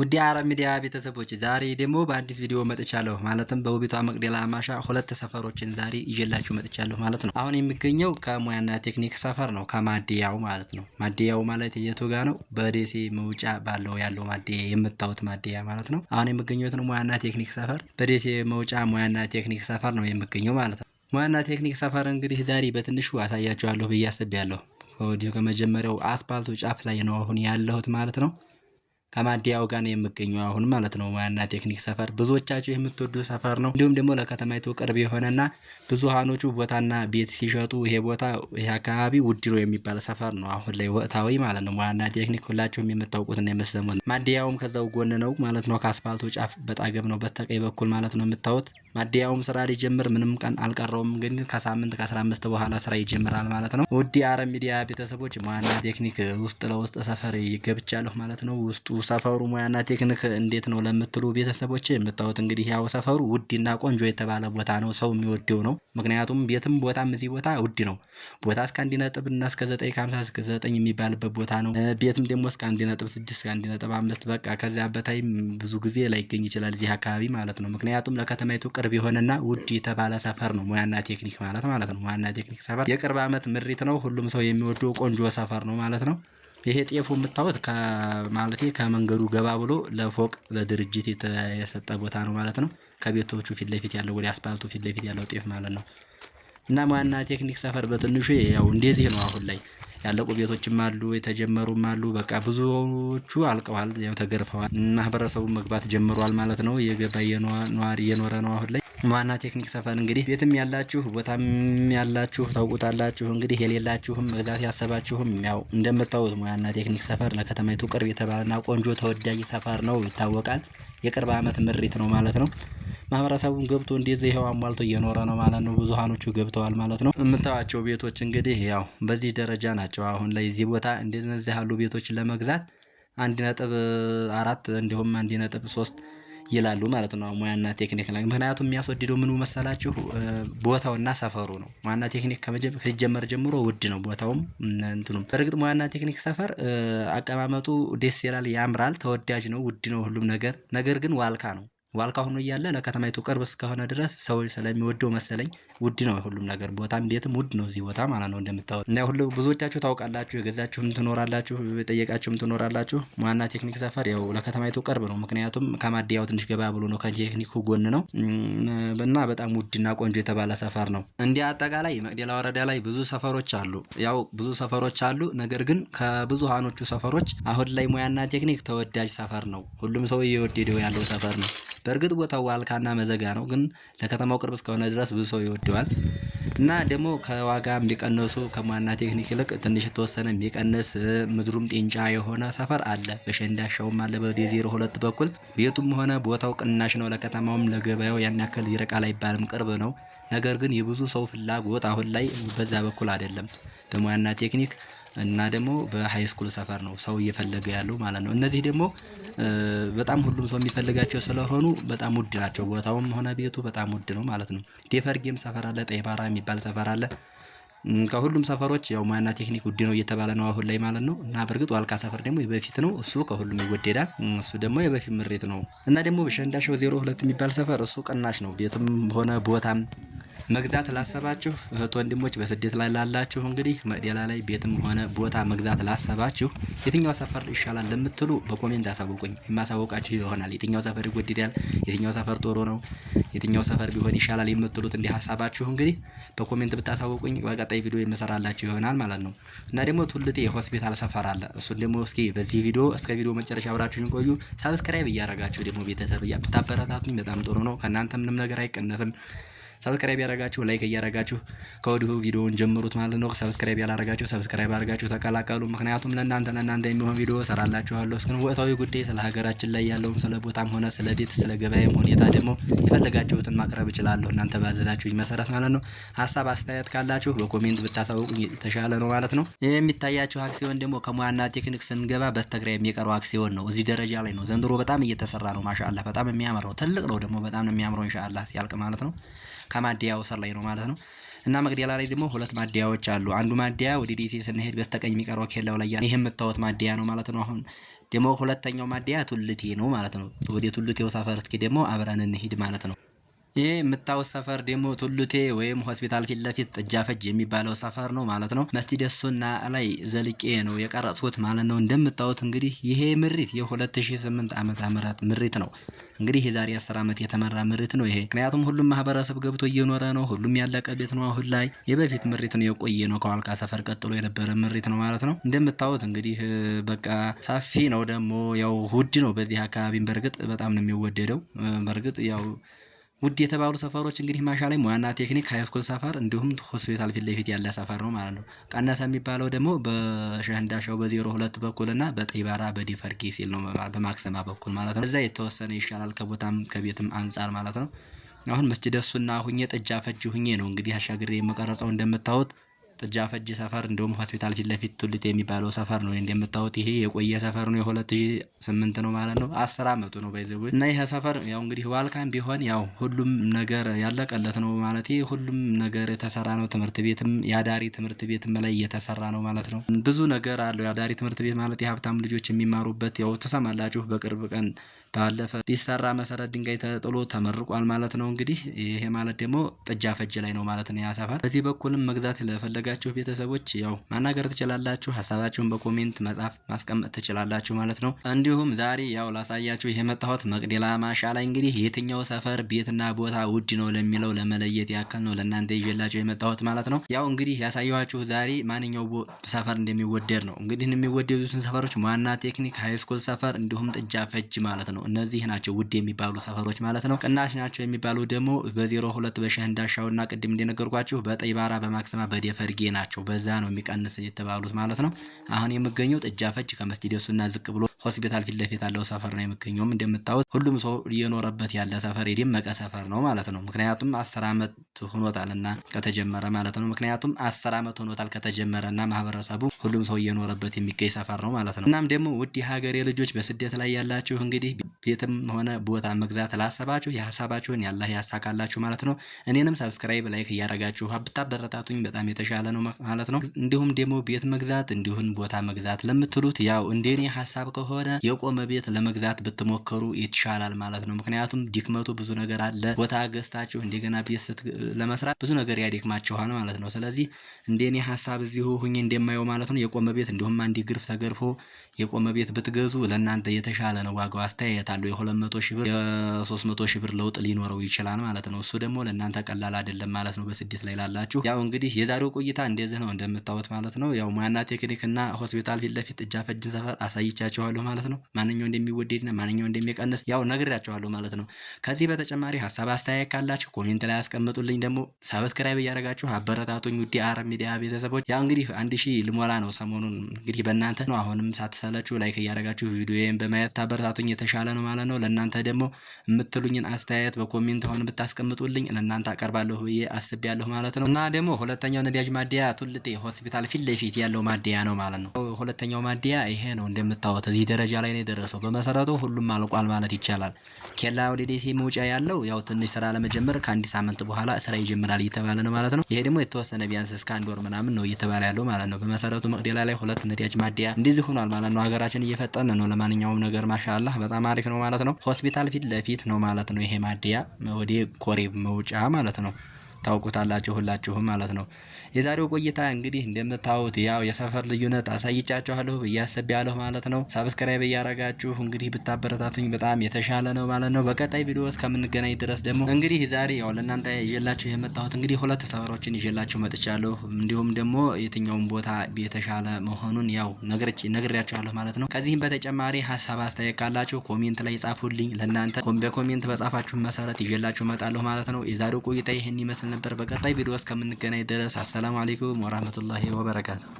ውድ የአረብ ሚዲያ ቤተሰቦች ዛሬ ደግሞ በአዲስ ቪዲዮ መጥቻለሁ። ማለትም በውቢቷ መቅደላ ማሻ ሁለት ሰፈሮችን ዛሬ ይዤላችሁ መጥቻለሁ ማለት ነው። አሁን የሚገኘው ከሙያና ቴክኒክ ሰፈር ነው፣ ከማደያው ማለት ነው። ማደያው ማለት የቱ ጋ ነው? በደሴ መውጫ ባለው ያለው ማደያ የምታዩት ማደያ ማለት ነው። አሁን የሚገኘት ነው ሙያና ቴክኒክ ሰፈር፣ በደሴ መውጫ ሙያና ቴክኒክ ሰፈር ነው የሚገኘው ማለት ነው። ሙያና ቴክኒክ ሰፈር እንግዲህ ዛሬ በትንሹ አሳያችኋለሁ ብዬ አስቤያለሁ። ከወዲሁ ከመጀመሪያው አስፓልቱ ጫፍ ላይ ነው አሁን ያለሁት ማለት ነው። ከማዲያው ጋር ነው የምገኘው አሁን ማለት ነው። ሙያና ቴክኒክ ሰፈር ብዙዎቻችሁ የምትወዱ ሰፈር ነው። እንዲሁም ደግሞ ለከተማይቱ ቅርብ የሆነና ብዙሃኖቹ ቦታና ቤት ሲሸጡ ይሄ ቦታ ይሄ አካባቢ ውድሮ የሚባል ሰፈር ነው አሁን ላይ ወቅታዊ ማለት ነው። ሙያና ቴክኒክ ሁላችሁም የምታውቁትና የምትሰሙት ማዲያውም ከዛው ጎን ነው ማለት ነው። ከአስፋልቱ ጫፍ በጣገብ ነው በስተቀኝ በኩል ማለት ነው የምታዩት ማደያውም ስራ ሊጀምር ምንም ቀን አልቀረውም፣ ግን ከሳምንት ከ15 በኋላ ስራ ይጀምራል ማለት ነው። ውድ የአረብ ሚዲያ ቤተሰቦች ሙያና ቴክኒክ ውስጥ ለውስጥ ሰፈር ይገብቻለሁ ማለት ነው። ውስጡ ሰፈሩ ሙያና ቴክኒክ እንዴት ነው ለምትሉ ቤተሰቦች የምታዩት እንግዲህ ያው ሰፈሩ ውድና ቆንጆ የተባለ ቦታ ነው። ሰው የሚወደው ነው። ምክንያቱም ቤትም ቦታም እዚህ ቦታ ውድ ነው። ቦታ እስከ አንድ ነጥብ እና እስከ ዘጠኝ ከሀምሳ እስከ ዘጠኝ የሚባልበት ቦታ ነው። ቤትም ደግሞ እስከ አንድ ነጥብ ስድስት ከአንድ ነጥብ አምስት በቃ ከዚያ በታይም ብዙ ጊዜ ላይገኝ ይችላል እዚህ አካባቢ ማለት ነው። ምክንያቱም ለከተማይቱ ቅርብ የሆነና ውድ የተባለ ሰፈር ነው። ሙያና ቴክኒክ ማለት ማለት ነው። ሙያና ቴክኒክ ሰፈር የቅርብ ዓመት ምሪት ነው። ሁሉም ሰው የሚወደው ቆንጆ ሰፈር ነው ማለት ነው። ይሄ ጤፉ የምታዩት ማለት ከመንገዱ ገባ ብሎ ለፎቅ ለድርጅት የተሰጠ ቦታ ነው ማለት ነው። ከቤቶቹ ፊት ለፊት ያለው ወደ አስፓልቱ ፊት ለፊት ያለው ጤፍ ማለት ነው። እና ሙያና ቴክኒክ ሰፈር በትንሹ ያው እንደዚህ ነው አሁን ላይ ያለቁ ቤቶችም አሉ፣ የተጀመሩም አሉ። በቃ ብዙዎቹ አልቀዋል፣ ያው ተገርፈዋል። ማህበረሰቡ መግባት ጀምሯል ማለት ነው። የገባ ነዋሪ እየኖረ ነው አሁን ላይ ዋና ቴክኒክ ሰፈር እንግዲህ ቤትም ያላችሁ ቦታም ያላችሁ ታውቁታላችሁ። እንግዲህ የሌላችሁም መግዛት ያሰባችሁም ያው እንደምታውቁት ዋና ቴክኒክ ሰፈር ለከተማይቱ ቅርብ የተባለና ቆንጆ ተወዳጅ ሰፈር ነው ይታወቃል። የቅርብ ዓመት ምሪት ነው ማለት ነው። ማህበረሰቡም ገብቶ እንደዚህ ይኸው አሟልቶ እየኖረ ነው ማለት ነው። ብዙሃኖቹ ገብተዋል ማለት ነው። የምታዩቸው ቤቶች እንግዲህ ያው በዚህ ደረጃ ናቸው። አሁን ላይ እዚህ ቦታ እንደነዚህ ያሉ ቤቶች ለመግዛት አንድ ነጥብ አራት እንዲሁም አንድ ነጥብ ሶስት ይላሉ ማለት ነው። ሙያና ቴክኒክ ላይ ምክንያቱም የሚያስወድደው ምን መሰላችሁ ቦታውና ሰፈሩ ነው። ሙያና ቴክኒክ ከጀመር ጀምሮ ውድ ነው ቦታውም እንትኑም። በእርግጥ ሙያና ቴክኒክ ሰፈር አቀማመጡ ደስ ይላል፣ ያምራል፣ ተወዳጅ ነው፣ ውድ ነው ሁሉም ነገር ነገር ግን ዋልካ ነው። ዋልካ ሆኖ እያለ ለከተማይቱ ቅርብ እስከሆነ ድረስ ሰው ስለሚወደው መሰለኝ ውድ ነው ሁሉም ነገር፣ ቦታም ቤትም ውድ ነው እዚህ ቦታ ማለት ነው እንደምታወ እና ሁሉ ብዙዎቻችሁ ታውቃላችሁ፣ የገዛችሁም ትኖራላችሁ፣ የጠየቃችሁም ትኖራላችሁ። ሙያና ቴክኒክ ሰፈር ያው ለከተማይቱ ቅርብ ነው፣ ምክንያቱም ከማደያው ትንሽ ገባ ብሎ ነው ከቴክኒኩ ጎን ነው እና በጣም ውድና ቆንጆ የተባለ ሰፈር ነው። እንዲህ አጠቃላይ መቅደላ ወረዳ ላይ ብዙ ሰፈሮች አሉ፣ ያው ብዙ ሰፈሮች አሉ። ነገር ግን ከብዙሃኖቹ ሰፈሮች አሁን ላይ ሙያና ቴክኒክ ተወዳጅ ሰፈር ነው። ሁሉም ሰው እየወደደው ያለው ሰፈር ነው። በእርግጥ ቦታው ዋልካና መዘጋ ነው፣ ግን ለከተማው ቅርብ እስከሆነ ድረስ ብዙ ሰው ይወደዋል። እና ደግሞ ከዋጋ የሚቀነሱ ከሟና ቴክኒክ ይልቅ ትንሽ የተወሰነ የሚቀንስ ምድሩም ጤንጫ የሆነ ሰፈር አለ። በሸንዳሻውም አለ በዜሮ ሁለት በኩል ቤቱም ሆነ ቦታው ቅናሽ ነው። ለከተማውም ለገበያው ያን ያክል ይርቃል አይባልም፣ ቅርብ ነው። ነገር ግን የብዙ ሰው ፍላጎት አሁን ላይ በዛ በኩል አይደለም። በሟና ቴክኒክ እና ደግሞ በሃይስኩል ሰፈር ነው ሰው እየፈለገ ያለው ማለት ነው። እነዚህ ደግሞ በጣም ሁሉም ሰው የሚፈልጋቸው ስለሆኑ በጣም ውድ ናቸው። ቦታውም ሆነ ቤቱ በጣም ውድ ነው ማለት ነው። ጌም ሰፈር አለ፣ ጤባራ የሚባል ሰፈር አለ። ከሁሉም ሰፈሮች ያው ሙያና ቴክኒክ ውድ ነው እየተባለ ነው አሁን ላይ ማለት ነው። እና በእርግጥ ዋልካ ሰፈር ደግሞ የበፊት ነው እሱ ከሁሉም ይወደዳል። እሱ ደግሞ የበፊት ምሬት ነው። እና ደግሞ በሸንዳሸው ዜሮ ሁለት የሚባል ሰፈር እሱ ቅናሽ ነው ቤትም ሆነ ቦታም መግዛት ላሰባችሁ እህት ወንድሞች፣ በስደት ላይ ላላችሁ እንግዲህ መቅደላ ላይ ቤትም ሆነ ቦታ መግዛት ላሰባችሁ የትኛው ሰፈር ይሻላል ለምትሉ በኮሜንት አሳውቁኝ፣ የማሳወቃችሁ ይሆናል። የትኛው ሰፈር ይወደዳል የትኛው ሰፈር ጥሩ ነው፣ የትኛው ሰፈር ቢሆን ይሻላል የምትሉት እንዲህ ሀሳባችሁ እንግዲህ በኮሜንት ብታሳውቁኝ በቀጣይ ቪዲዮ የምሰራላችሁ ይሆናል ማለት ነው። እና ደግሞ ቱልጤ የሆስፒታል ሰፈር አለ። እሱን ደግሞ እስኪ በዚህ ቪዲዮ እስከ ቪዲዮ መጨረሻ አብራችሁን ቆዩ። ሳብስክራይብ እያረጋችሁ ደግሞ ቤተሰብ ብታበረታቱኝ በጣም ጥሩ ነው። ከእናንተ ምንም ነገር አይቀነስም። ሰብስክራይብ ያደረጋችሁ ላይክ እያደረጋችሁ ከወዲሁ ቪዲዮውን ጀምሩት ማለት ነው። ሰብስክራይብ ያላረጋችሁ ሰብስክራይብ አድርጋችሁ ተቀላቀሉ። ምክንያቱም ለእናንተ ለእናንተ የሚሆን ቪዲዮ ሰራላችኋለሁ። እስክን ወቅታዊ ጉዳይ ስለ ሀገራችን ላይ ያለውም ስለ ቦታም ሆነ ስለ ቤት ስለ ገበያም ሁኔታ ደግሞ የፈለጋችሁትን ማቅረብ እችላለሁ እናንተ ባዘዛችሁኝ መሰረት ማለት ነው። ሀሳብ አስተያየት ካላችሁ በኮሜንት ብታሳውቁኝ የተሻለ ነው ማለት ነው። ይህ የሚታያችሁ አክሲዮን ደግሞ ከሙያና ቴክኒክ ስንገባ በስተግራ የሚቀረው አክሲዮን ነው። እዚህ ደረጃ ላይ ነው ዘንድሮ በጣም እየተሰራ ነው። ማሻአላ በጣም የሚያምር ነው። ትልቅ ነው ደግሞ በጣም ነው የሚያምረው። ኢንሻአላህ ሲያልቅ ማለት ነው። ከማደያው ስር ላይ ነው ማለት ነው። እና መቅደላ ላይ ደግሞ ሁለት ማደያዎች አሉ። አንዱ ማደያ ወደ ዲሲ ስንሄድ በስተቀኝ የሚቀረው ኬላው ላይ ይህ የምታወት ማደያ ነው ማለት ነው። አሁን ደግሞ ሁለተኛው ማደያ ቱልቴ ነው ማለት ነው። ወደ ቱልቴው ሰፈር እስኪ ደግሞ አብረን እንሄድ ማለት ነው። ይህ የምታዩት ሰፈር ደግሞ ቱሉቴ ወይም ሆስፒታል ፊት ለፊት ጥጃፈጅ የሚባለው ሰፈር ነው ማለት ነው። መስጂድ ሱና ላይ ዘልቄ ነው የቀረጽኩት ማለት ነው። እንደምታዩት እንግዲህ ይሄ ምሪት የ2008 ዓመተ ምህረት ምሪት ነው። እንግዲህ የዛሬ አስር ዓመት የተመራ ምሪት ነው ይሄ። ምክንያቱም ሁሉም ማህበረሰብ ገብቶ እየኖረ ነው። ሁሉም ያለቀ ቤት ነው። አሁን ላይ የበፊት ምሪት ነው የቆየ ነው። ከዋልቃ ሰፈር ቀጥሎ የነበረ ምሪት ነው ማለት ነው። እንደምታዩት እንግዲህ በቃ ሰፊ ነው። ደግሞ ያው ውድ ነው በዚህ አካባቢ በእርግጥ በጣም ነው የሚወደደው። በእርግጥ ያው ውድ የተባሉ ሰፈሮች እንግዲህ ማሻ ላይ ሙያና ቴክኒክ ሀይስኩል ሰፈር እንዲሁም ሆስፒታል ፊት ለፊት ያለ ሰፈር ነው ማለት ነው። ቀነሰ የሚባለው ደግሞ በሸህንዳሻው በዜሮ ሁለት በኩል እና በጤባራ በዲፈርጊ ሲል ነው በማክሰማ በኩል ማለት ነው። እዛ የተወሰነ ይሻላል ከቦታም ከቤትም አንጻር ማለት ነው። አሁን መስጅደሱና ሁኜ ጥጃ ፈጅ ሁኜ ነው እንግዲህ አሻግሬ የመቀረጸው እንደምታዩት ጥጃ ፈጅ ሰፈር እንዲሁም ሆስፒታል ፊት ለፊት ቱልት የሚባለው ሰፈር ነው እንደምታዩት። ይሄ የቆየ ሰፈር ነው፣ የሁለት ሺህ ስምንት ነው ማለት ነው። አስር አመቱ ነው ባይዘው እና ይህ ሰፈር ያው እንግዲህ ዋልካም ቢሆን ያው ሁሉም ነገር ያለቀለት ነው ማለት ሁሉም ነገር የተሰራ ነው። ትምህርት ቤትም የአዳሪ ትምህርት ቤትም ላይ እየተሰራ ነው ማለት ነው። ብዙ ነገር አለው የአዳሪ ትምህርት ቤት ማለት የሀብታም ልጆች የሚማሩበት ያው ትሰማላችሁ በቅርብ ቀን ባለፈ ሊሰራ መሰረት ድንጋይ ተጥሎ ተመርቋል ማለት ነው። እንግዲህ ይሄ ማለት ደግሞ ጥጃ ፈጅ ላይ ነው ማለት ነው። ያሰፋል። በዚህ በኩልም መግዛት ለፈለጋችሁ ቤተሰቦች ያው ማናገር ትችላላችሁ። ሀሳባችሁን በኮሜንት መጻፍ ማስቀመጥ ትችላላችሁ ማለት ነው። እንዲሁም ዛሬ ያው ላሳያችሁ መጣሁት መቅደላ ማሻ ላይ እንግዲህ የትኛው ሰፈር ቤትና ቦታ ውድ ነው ለሚለው ለመለየት ያክል ነው ለእናንተ ይዤላችሁ የመጣሁት ማለት ነው። ያው እንግዲህ ያሳየኋችሁ ዛሬ ማንኛው ሰፈር እንደሚወደድ ነው። እንግዲህ የሚወደዱትን ሰፈሮች ዋና ቴክኒክ፣ ሃይስኩል ሰፈር እንዲሁም ጥጃ ፈጅ ማለት ነው። እነዚህ ናቸው ውድ የሚባሉ ሰፈሮች ማለት ነው። ቅናሽ ናቸው የሚባሉ ደግሞ በዜሮ ሁለት በሸህ እንዳሻው እና ቅድም እንደነገርኳችሁ በጠይባራ በማክሰማ በደፈርጌ ናቸው። በዛ ነው የሚቀንስ የተባሉት ማለት ነው። አሁን የምገኘው ጥጃፈች ከመስጂድ እሱና ዝቅ ብሎ ሆስፒታል ፊት ለፊት ያለው ሰፈር ነው የምገኘውም። እንደምታዩት ሁሉም ሰው እየኖረበት ያለ ሰፈር የደመቀ ሰፈር ነው ማለት ነው። ምክንያቱም አስር ዓመት ሆኖታልና ከተጀመረ ማለት ነው። ምክንያቱም አስር ዓመት ሆኖታል ና ማህበረሰቡ ሁሉም ሰው እየኖረበት የሚገኝ ሰፈር ነው ማለት ነው። እናም ደግሞ ውድ የሀገሬ ልጆች በስደት ላይ ያላችሁ እንግዲህ ቤትም ሆነ ቦታ መግዛት ላሰባችሁ የሀሳባችሁን ያላህ ያሳካላችሁ ማለት ነው። እኔንም ሰብስክራይብ፣ ላይክ እያደረጋችሁ ብታበረታቱኝ በጣም የተሻለ ነው ማለት ነው። እንዲሁም ደግሞ ቤት መግዛት እንዲሁም ቦታ መግዛት ለምትሉት ያው እንደኔ ሀሳብ ከሆነ የቆመ ቤት ለመግዛት ብትሞክሩ ይሻላል ማለት ነው። ምክንያቱም ድክመቱ ብዙ ነገር አለ። ቦታ ገዝታችሁ እንደገና ቤት ለመስራት ብዙ ነገር ያደክማችኋል ማለት ነው። ስለዚህ እንደኔ ሀሳብ እዚሁ ሁኝ እንደማየው ማለት ነው የቆመ ቤት እንዲሁም አንድ ግርፍ ተገርፎ የቆመ ቤት ብትገዙ ለእናንተ የተሻለ ነው ዋጋው አስተያየታል አለው። የ200 ሺህ ብር የ300 ሺህ ብር ለውጥ ሊኖረው ይችላል ማለት ነው። እሱ ደግሞ ለእናንተ ቀላል አይደለም ማለት ነው። በስደት ላይ ላላችሁ ያው እንግዲህ የዛሬው ቆይታ እንደዚህ ነው እንደምታዩት ማለት ነው። ያው ሙያና ቴክኒክ እና ሆስፒታል ፊት ለፊት እጃፈጅን ሰፈር አሳይቻችኋለሁ ማለት ነው። ማንኛው እንደሚወደድና ማንኛው እንደሚቀንስ ያው ነግሬያችኋለሁ ማለት ነው። ከዚህ በተጨማሪ ሀሳብ አስተያየት ካላችሁ ኮሜንት ላይ ያስቀምጡልኝ። ደግሞ ሰብስክራይብ እያደረጋችሁ አበረታቱኝ። ውዴ አረብ ሚዲያ ቤተሰቦች ያው እንግዲህ አንድ ሺህ ልሞላ ነው ሰሞኑን እንግዲህ በእናንተ ነው። አሁንም ሳትሰለችሁ ላይክ እያደረጋችሁ ቪዲዮዬን በማየት ታበረታቱኝ የተሻለ ነው። ነው ማለት ነው። ለእናንተ ደግሞ የምትሉኝን አስተያየት በኮሜንት ሆን ብታስቀምጡልኝ ለእናንተ አቀርባለሁ ብዬ አስቤያለሁ ማለት ነው። እና ደግሞ ሁለተኛው ነዳጅ ማደያ ቱልጤ ሆስፒታል ፊት ለፊት ያለው ማደያ ነው ማለት ነው። ሁለተኛው ማደያ ይሄ ነው። እንደምታወት እዚህ ደረጃ ላይ ነው የደረሰው። በመሰረቱ ሁሉም አልቋል ማለት ይቻላል። ኬላ ወደ ደሴ መውጫ ያለው ያው ትንሽ ስራ ለመጀመር ከአንድ ሳምንት በኋላ ስራ ይጀምራል እየተባለ ነው ማለት ነው። ይሄ ደግሞ የተወሰነ ቢያንስ እስከ አንድ ወር ምናምን ነው እየተባለ ያለው ማለት ነው። በመሰረቱ መቅደላ ላይ ሁለት ነዳጅ ማደያ እንደዚህ ሆኗል ማለት ነው። ሀገራችን እየፈጠነ ነው። ለማንኛውም ነገር ማሻአላህ በጣም አሪፍ ነው ማለት ነው። ሆስፒታል ፊት ለፊት ነው ማለት ነው። ይሄ ማደያ ወደ ኮሬብ መውጫ ማለት ነው። ታውቁታላችሁ ሁላችሁም ማለት ነው። የዛሬው ቆይታ እንግዲህ እንደምታዩት ያው የሰፈር ልዩነት አሳይቻችኋለሁ ብያሰብ ያለሁ ማለት ነው። ሳብስክራይብ እያረጋችሁ እንግዲህ ብታበረታቱኝ በጣም የተሻለ ነው ማለት ነው። በቀጣይ ቪዲዮ እስከምንገናኝ ድረስ ደግሞ እንግዲህ ዛሬ ያው ለእናንተ ይዤላችሁ የመጣሁት እንግዲህ ሁለት ሰፈሮችን ይዤላችሁ መጥቻለሁ። እንዲሁም ደግሞ የትኛውን ቦታ የተሻለ መሆኑን ያው ነግሬያችኋለሁ ማለት ነው። ከዚህም በተጨማሪ ሀሳብ አስተያየት ካላችሁ ኮሜንት ላይ ጻፉልኝ። ለእናንተ በኮሜንት በጻፋችሁ መሰረት ይዤላችሁ እመጣለሁ ማለት ነው። የዛሬው ቆይታ ይህን ይመስል ነበር። በቀጣይ ቪዲዮ እስከምንገናኝ ድረስ አሰላሙ አሌይኩም ወራህመቱላሂ ወበረካቱ።